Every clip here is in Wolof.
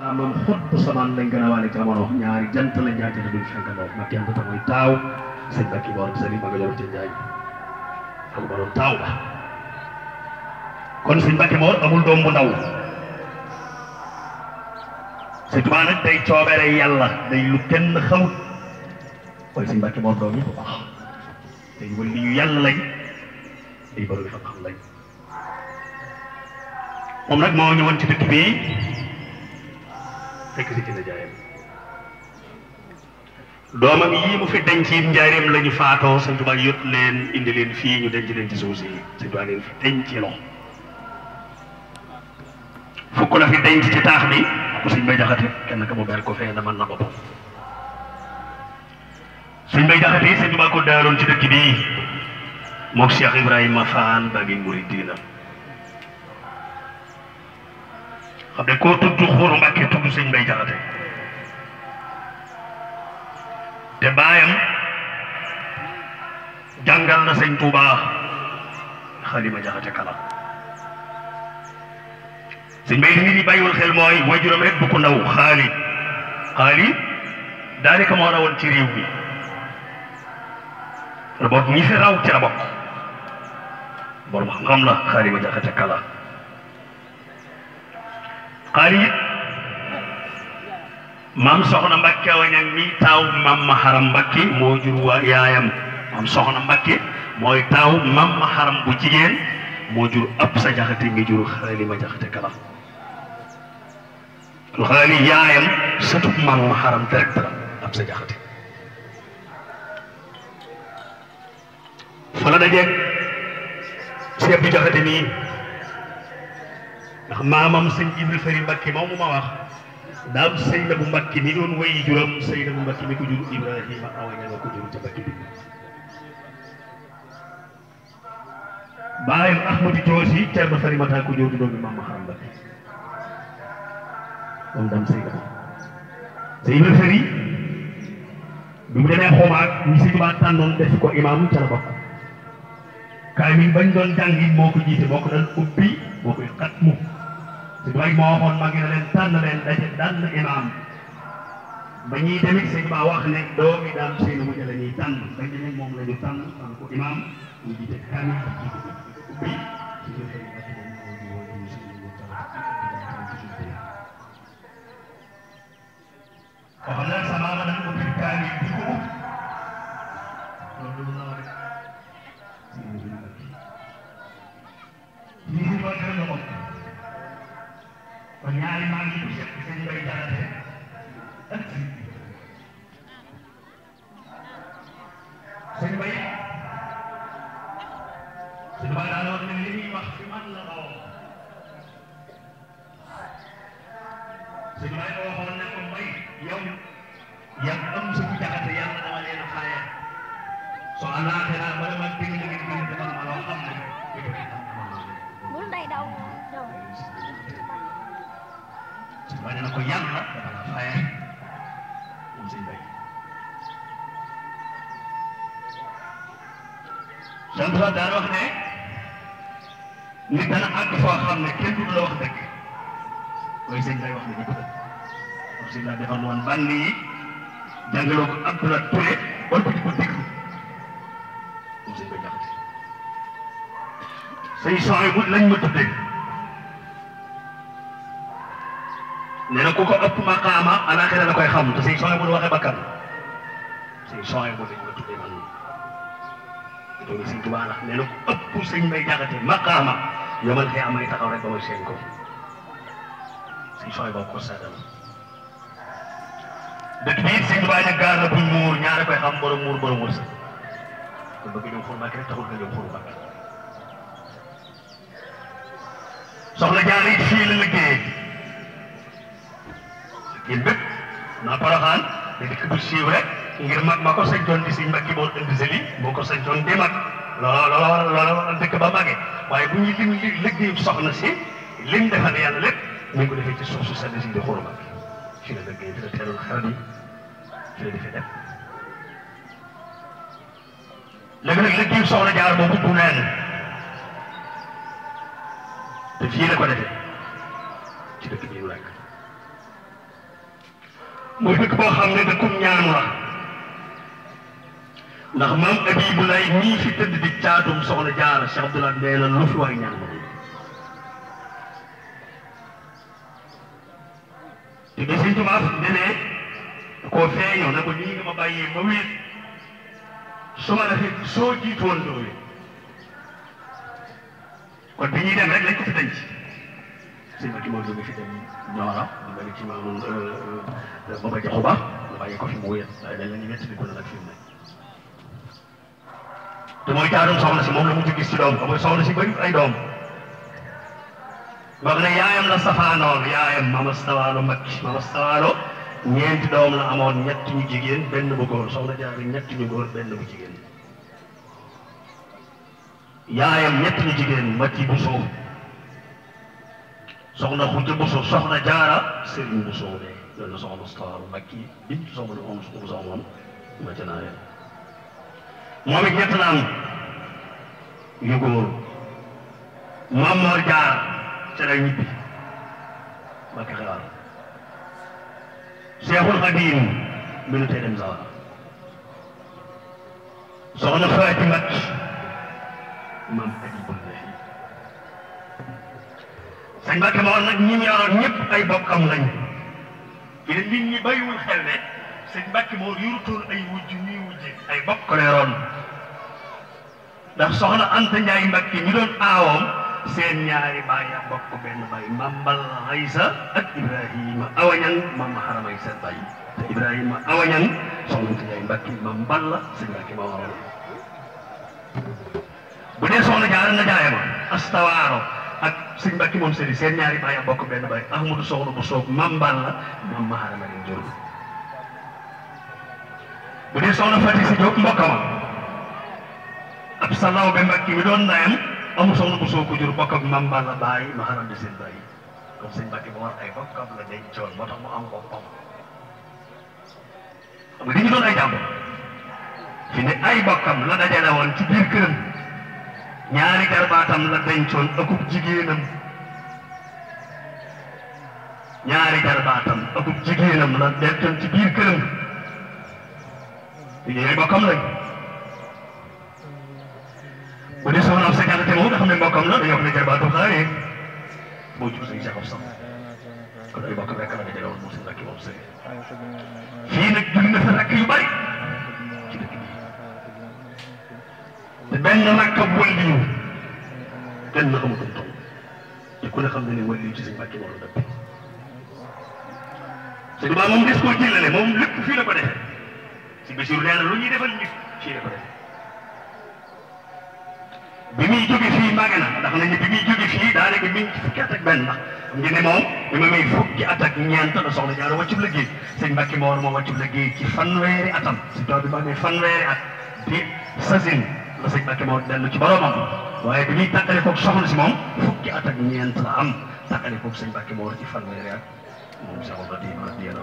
daa ah, moom xottu samaan lañ gën a waale ñaari jant lañ jaajëfal duñ fekkandoo ma kenn te mooy taaw sëñ Bakki Boor sëriñ Maga Jor Tine Njaay kooku Bakki Boor amul doom bu ndaw sëñ Tuubaa nag day coobere yàlla day lu kenn xawut kon sëñ Bakki Boor doom yi bu baax wël li ñu yàlla lañ day borom xam-xam lañ moom nag moo ñëwoon ci dëkk bi. fekk si ci nijaayam doomam yii mu fi denc ci njaareem lañu faatoo sëñ Tuubaa yot leen indi leen fii ñu denc leen ci suuf si sëñ leen fi denc lo fukk la fi denc ci taax bi ku sëñ bay jaxate kenn ka mu bel ko fee na mën na boppam sëñ bay jaxate sëñ Tuubaa ko daaroon ci dëkk bi mook Cheikh Ibrahima Faan ba gi muridina xam ne koo tudd Xuru Mbàkke Jaxate te baayam jàngal na sëñ Tuubaa Xalima Jaxate Kala sëñ Mbay li nit ñi bàyyiwul mooy waajuram rek bu xaali xaali daanaka moo rawoon ci réew mi rabot ñi fi raw ci la bokk borom xam-xam la Jaxate Kala xarit mam soxna mbakke wañan mi taw mam ma haram mbakke moo jur wa yaayam mam soxna mbacke moy taw mam ma haram bu jigen mo jur ab sa jaxati ngi jur xali ma jaxati kala alxaali yaayam satub mam haram direct la ab sa jaxati fa la dajeeg seeb jaxate ndax mamam seigne ibrahim fari mbacke moomu ma wax dam seigne bu mbacke ni don way juram seigne bu mbacke ni ko jur ibrahima awaña nga ko juru ci mbàkke bi baye ahmadu joosi terba fari mata ko juru do maam mamam xam moom on dam seigne sëñ fari bu mu demee xomaak ni seigne ba tanon def ko imam ci la bokk kaay mi bañ doon jàngi moko jité bokk dal ko daan ubbi moo koy mooy mohon waxoon mag na leen tànn leen daje tànn imaam ba wax ne doomi daam seen mu jële ñuy tànn ba ne ko na sama kon ñaari maa ngi tudd seen mbay jaarate ak Sëñ Tuubaa daan nit dana àgg foo xam ne kenn du la wax dëgg mooy sëñ day wax ne dëgg wax sëñ laa defal woon bànn yi jàngaloo ko Abdoulaye Touré wala ko di ko déglu moom sëñ bay jaxate sëñ soxna bu lañ ma tuddee nee na ku la koy xam te sëñ soxna bu waxee bakkan sëñ soxna bu lañ ma loolu sëñ Tuubaa la nee na ko ëpp sëñ Mbay Jaxate maqaama yomal xëy amay taxaw rek ba mooy seen ko sëñ sooy boo ko sagal dëkk bii sëñ Tuubaa ne gaar na buñ muur ñaare koy xam borom muur borom wërsëg kon bëgg ñëw xurbaak rek taxul nga ñëw xurbaak soxna Jaara it fii la liggéeyee kii bépp naa Poroxaan da dëkk bu siiw rek ngir mag ma ko sancoon di siñ mbakki bool indi seli boo ko sancoon di mag loola loola war loola waral dëkk ba màggee waaye bu ñuy lim liggéeyu soxna si lim defal yàlla lépp ñu ngi ko defee ci suuf su sedd di xuru Mbàkke la dëggee fi la teelul xarat yi fi la defee def léegi nag jaar boobu du te fii la ko defee ci dëkk bii mu nekk mooy dëkk boo xam ne dëkkum ñaan la ndax maam Abibu Lay nii fi tëdd di caatum soxna jaara Cheikh Abdoulaye Ndeye la lu fi waay ñaan moom te ba Sëñ Tuubaa koo feeñoo ne ko nii nga ma bàyyee ma wéet la fekk soo jiitu woon loolu kon bi dem rek lañ ko fi denc sëñ Maki Maodo mi fi dem Nioro ba nga ci maam euh, euh, Baba Jaxu Ba bàyyi ko fi mu wéet waaye dañ la ñu wett bi ko nag fi mu ne te mooy jaarul soxna si moom la mujj ci doom mooy soxna si bëri ay doom wax ne yaayam la safaanoon yaayam mama stawaalo makki mama stawaalo ñeenti doom la amoon ñett ñu jigéen benn bu góor soxna jaar ñett ñu góor benn bu jigéen yaayam ñett ñu jigéen makki bu soow soxna ku bu soow soxna jaara sëriñ bu soow de loolu soxna stawaalo makki bintu soxna om soxna moom ma ca naa moom it ñett la am yu góor maam Mor Jaar ca la ñibbi bakki xewal Seexul Xadiim bi nu tee dem sawar soxna Fatima maam Xadiim sañ Mbàkke ma woon nag ñi yoroon ñëpp ay bokkam lañ yéen nit ñi bàyyiwul xel ne sëñ Mbàkke moo yorutoon ay wujj ñuy wujj bokkoleron ndax soxna anta njaay mbakki ñu doon aawam seen nyaari baye bokk ben baye mambal aysa ak ibrahima awañan mam haramay sa baye te ibrahima awañan soxna anta njaay mbakki mambal la seen mbakki ma waroon bu dee soxna jaar na jaayama astawaro ak seen mbakki moom sëri seen nyaari baye bokk ben baye ahmadu soxna bu sok mambal la mam haramay jor bu dee a Fati si Diop mbokk ma ab salaaw ba mbakki mi doon ndayam amul soxna bu soo jur bokk mam Balla Baye ma di seen Baye kon sëñ Mbacke bu war ay bokkam la denc woon moo tax mu am boppam xam nga dañu doon ay jàmbur fi ne ay bokkam la dajale woon ci dencoon akub jigéenam ñaari garbaatam akub jigéenam la dencoon ci biir këram. yooyu mbokkam lañ bu dee soxna am sécurité moom nga xam ne mbokkam la dañoo xam ne jarbaatu xaar yi moo jur suñu sax kon ay mbokkam rek la nga jëloon moom seen rakk moom sëñ fii nag na fa rakk yu bari ci dëkk bi te benn rakk wël yu benn amatul ku ne xam ne ne wël ci seen bàkki moom la dëpp sëñ Ba moom des koo jëlale moom lépp fii la ko defee si Basiru nee na lu ñuy defal nit kii la ko def bi muy jóge fii màgg na ndax nañu bi muy jóge fii daanaka mi ngi ci fukki at ak benn ndax xam nga ne moom bi ma may fukki at ak ñeent la soxna jaara wàccub liggéey sëñ Mbàkke moo war moo wàccub liggéey ci fanweeri atam si tool bi ma amee fanweeri at di sasin la sëñ Mbàkke moo dellu ci boromam waaye bi muy tàqale koog soxna si moom fukki at ak ñeent la am tàqale koog sëñ Mbàkke moo war ci fanweeri at moom sax wax dëgg yàlla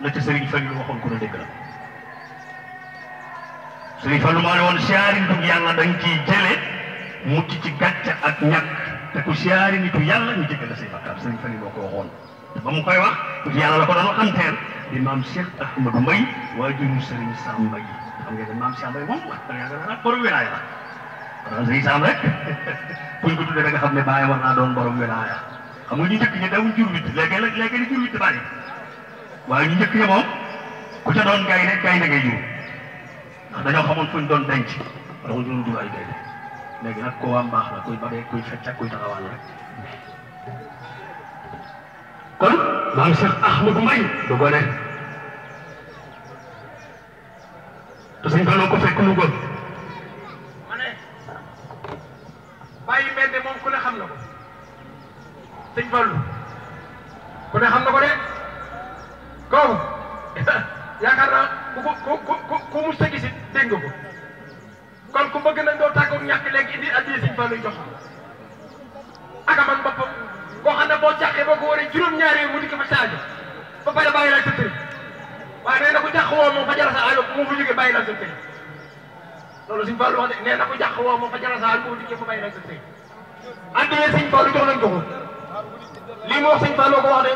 la ca sëriñ Fallu waxoon ko na la sëriñ Fallu maa ne woon siyaari nitu dañ ciy jële mucc ci gàcce ak ñàkk te ku siyaari nitu yàlla ñu jëgg la say bakkaar Fallu moo ko ba mu koy wax nitu yàlla la ko doon waxanteel di maam Cheikh Ahmadou Mbay waajuru sëriñ Sam Mbay xam ngeen ne maam Cheikh wax dëgg rek kuñ ko nga war doon borom xam nga ñu waa ñu njëkk ña ku ca doon gaynde gaynde ngay jur ndax dañoo xamoon fuñ doon denc doon doon jur ay gaynde léegi nag koo am kuy babee kuy fecc ak kuy taxawal rek kon maam Cheikh Ahmadou Mbaye du gone te suñ fanoo ko fekk mu góor ne moom ku ne xam na ko sëñ Fallu ku kooku yaakaar naa ku ku ku ku mu sa gisit dégg nga ko kon ku bëgg nañ doo tàggoog ñàkk léegi indi addiya Sëñ Fallu jox ak ko waree yi mu ko fa saajo ba pare bàyyi la sa tëri ko jàq woo moom fa jara sa aajo fa jógee bàyyi la sa tëri loolu ko jàq woo moom fa jara sa aajo mu dikkee fa bàyyi la ko ko lii mu wax Sëñ de